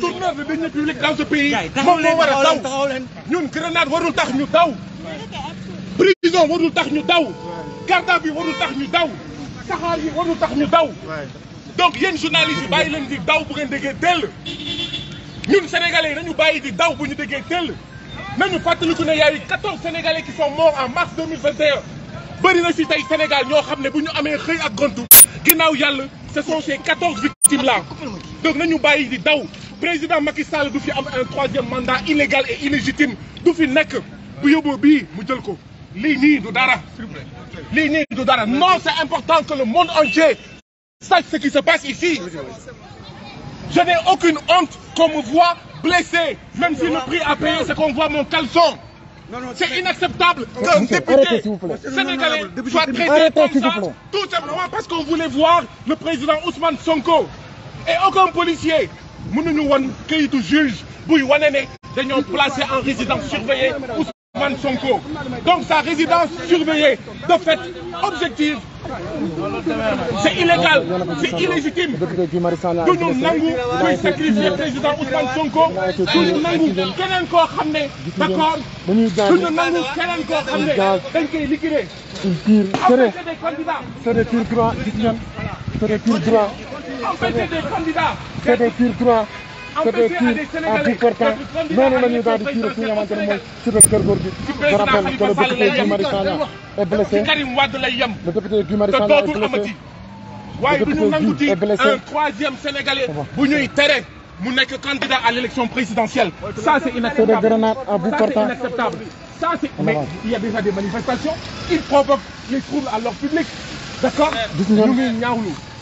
tourneur de dañ public dans ce pays moom moo war a daw ñun grenade warul tax ñu daw prison warul tax ñu daw garda bi warul tax ñu daw saxaar yi warul tax ñu daw donc yéen journalistes yi bàyyi leen di daw bu ngeen déggee tell ñun sénégalais yi nañu bàyyi di daw bu ñu déggee tell nañu fàttaliku ne yaay 14 sénégalais ki sont morts en mars 2021 bëri na si tey Sénégal ñoo xam ne bu ñu amee xëy ak gontu ginnaaw yàlla ce sont ces 14 victimes là donc nañu bàyyi di daw président Macky Sall du fi un troisième mandat illégal et illégitime du fi nek bu yóbboo bi mu jël ko li ni du dara li dara non c'est important que le monde entier sache ce qui se passe ici je n'ai aucune honte qu'on me voit blessé même si le prix à payer c'est qu'on voit mon caleçon c'est inacceptable qu'un député sénégalais soit traité comme ça tout simplement parce qu'on voulait voir le président Ousmane Sonko et aucun policier mënuñu wan nous juge buy wane ne nous placé en résidence surveillée Ousmane Sonko donc sa résidence surveillée de fait objective c'est illégal c'est illégitime Nous ñu nangu kuy sacrifier président Ousmane Sonko du ñu nangu keneen koo xam d'accord Nous ñu keneen dañ koy liquider. c'est des candidats. c'est des c'est des candidats. C'est des tirs droits. C'est des tirs à Non, le blessé. Le député un troisième sénégalais candidat à l'élection présidentielle ça c'est inacceptable c'est ça c'est inacceptable c'est mais il y a déjà des manifestations Il provoquent les troubles à leur public d'accord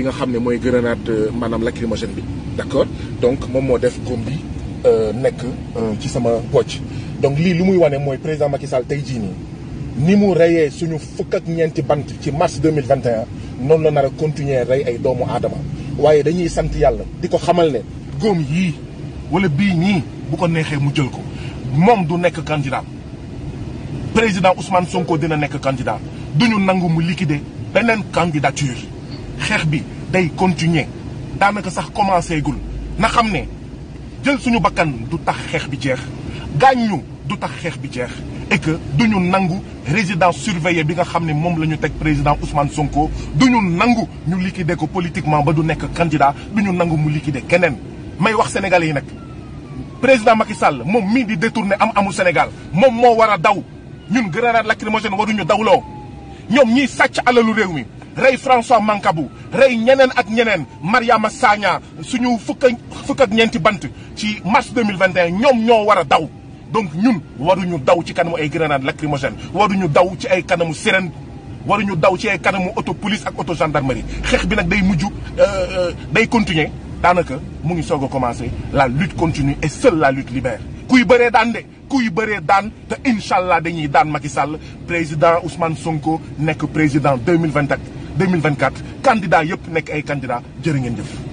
bi nga xamné moy grenade euh, manam lacrymogène bi d'accord donc moom moo def góom bi euh, nek euh, ci sama poche donc lii li muy wane moy président Macky Sall tey jii ni mu rayé suñu fukk ak ñeenti bant ci mars 2021 non la nara continuer ray ay doomu adama waye dañuy sante yalla diko xamal ne góom yi wala bi nii bu ko nexé mu jël ko mom du nek candidat président Ousmane Sonko dina nek candidat duñu nangum liquider benen candidature xex bi day continuer da naka sax commencer gul na xamne ne jël suñu bakkan du tax xex bi jeex gaañ ñu du tax xex bi jeex et que duñu nangu résident surveillée bi nga xamne mom lañu tek président Ousmane Sonko duñu nangu ñu liquider ko politiquement ba du nek candidat duñu nangu mu liquider kenen may wax sénégalais yi nak président Macky Sall mom mi di détourner am amu Sénégal mom mo wara daw ñun grenade lacrymogène waru ñu dawlo ñom ñi sacc alalu réew mi Ray François Mankabou, Ray Nyenen ak ñeneen Mariama Sagna suñu Fukad fuk ak ñenti bant ci mars 2021 ñom ñoo wara daw donc ñun waruñu daw ci kanamu ay grenade lacrymogène waruñu daw ci ay kanamu sirène waruñu daw ci ay kanamu auto police ak auto gendarmerie Xex bi nak day euh, euh day continuer danaka mu ngi commencer la lutte continue et seule la lutte libère kuy bëree daan de kuy bëree Dan te inshallah dañuy daan Macky Sall président Ousmane Sonko que président 2024 2024 candidats yëpp nekk ay candidats jërë ngeen jëf